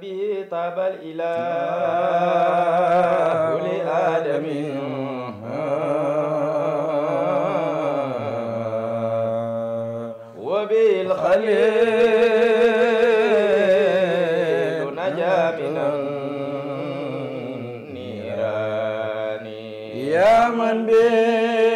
بي طاب الإله لآدم وبالخليل نجا من النيران يا من بي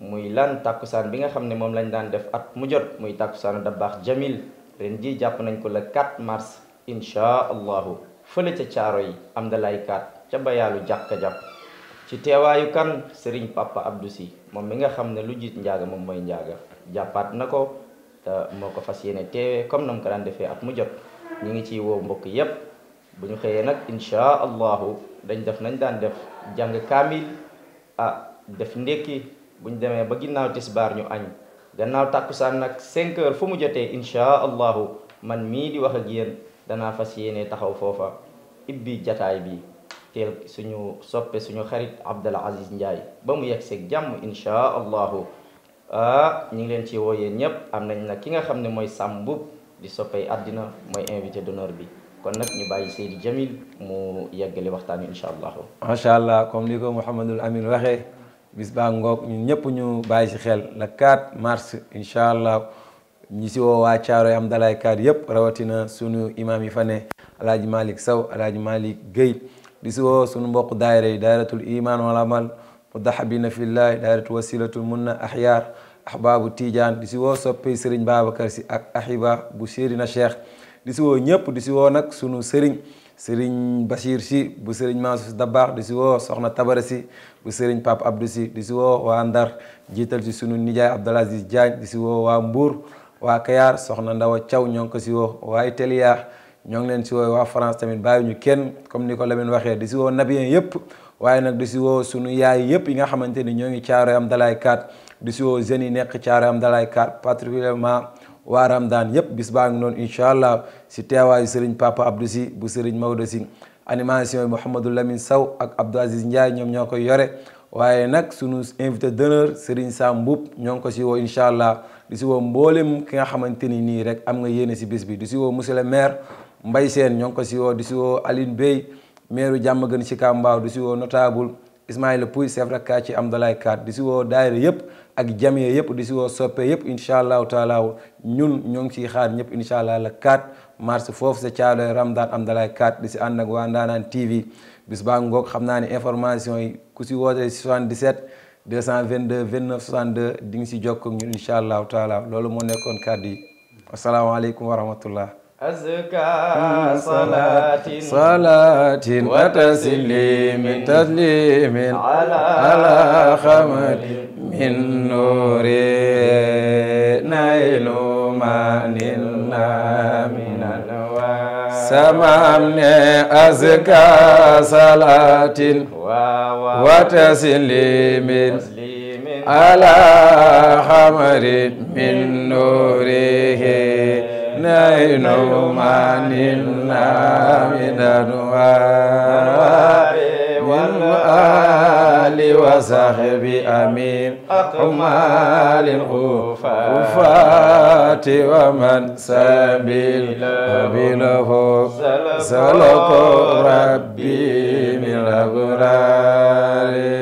muy lan tàkkusaan bi nga xam ne moom lañ daan def at mu jot muy tàkkusaanu Dabakh Jamil ren ji jàpp nañ ko la 4 mars inchaa allahu fële ca caaro yi am da laykaat ca bayaalu jàkka jàpp ci teewaayu kan sëriñ papa abdou si moom mi nga xam ne lu jiit njaaga moom mooy njaaga jàppaat na ko te moo ko fas yéene teewee comme na mu ko daan defee at mu jot ñu ngi ciy woo mbokk yépp bu ñu xëyee nag inchaa allahu dañ def nañ daan def jàng kaamil ah def ndékki bu ñu demee ba ginnaaw tisbaar ñu añ gannaaw tàkkusaan nag 5 fu mu jotee inchaa allahu man mii di wax ak yéen danaa fas yéene taxaw foofa ibbi jataay bi teel suñu soppee suñu xarit Abdal Aziz Ndiaye ba mu yegg seeg jàmm inchaa allahu ah ñu ngi leen ci woo yéen am nañ nag ki nga xam ne mooy Sam di soppey addina mooy invité d'honneur bi kon nag ñu bàyyi Seydi Jamil mu yeggale waxtaan wi incha allahu macha allah comme ni ko Amin waxee bis ngoog ñun ñëpp ñu bàyyi si xel le 4 mars incha allah ñi si woo waa Caaroy am dalay kaar yëpp rawatina sunu imaam yi fane ne alaaji Malick Sow alaaji Malick Guèye di si woo sunu mbokk daayira yi daayratul iman wal bina mudahabina fillahi daayratul wasilatul munna axyaar ahbaabu Tidiane di si woo soppi Serigne Babacar si ak ahiba bu Sérina Cheikh di si ñëpp di si woo nag sunu Serigne sëriñ Bachir si bu sëriñ Mansour Dabaax di si woo soxna Tabara si bu sëriñ Pape Abdou si di si woo waa Ndar jiital si sunu nijaay Abdoul Aziz Diagne di si woo waa Mbour waa Kayar soxna Ndawa caw ñoo ngi ko si woo waa Italia ñoo ngi leen si woo waa France tamit bàyyi ñu kenn comme ni ko la Lamine waxee di si woo nabien yëpp waaye nag di si woo sunu yaay yëpp yi nga xamante ni ñoo ngi caaro am dalay kaat di si woo jeunes yi nekk caaro am dalay kaat particulièrement waa Ramadan yëpp bis baa noonu incha allah si teewaayu Serigne Papa Abdou si bu Serigne Maodo Sy animation yi Mouhamadou Lamine Sow ak Abdou Aziz Ndiaye ñoom ñoo koy yore waaye nag sunu invité d'honneur Serigne Sam Mboup ñoo ngi ko si woo incha allah di si woo mboolem ki nga xamante ni nii rek am nga yéene si bis di si woo monsieur le maire mbay seen ñoo ngi ko si woo di si woo Aline Bey maire jàmm gën si Kambaaw di si woo notable Ismaïla Pouy chef de quartier Hamdalaye 4 di si woo daayira yëpp ak jamiye yëpp di si woo soppe yëpp incha allahu taala ñun ñoo ngi ciy xaar ñëpp incha allah la 4 mars foofu sa caadoy am Hamdalaye 4 di si ànd ak waa Ndaanaan TV bis baa ngoog xam naa ne information yi ku si woote 77 222 29 62 di nga si jokk ak ñun incha allahu taala loolu moo nekkoon kàddu yi asalaamaaleykum wa rahmatullah أزكى صلاة صلاة وتسليم تسليم على على خمر من نور نيل ما نلنا من الوان سمام أزكى صلاة وتسليم على خمر من نوره وصحبي أمين أقمال الخفات ومن سبيل قبله سلق ربي من الأبرار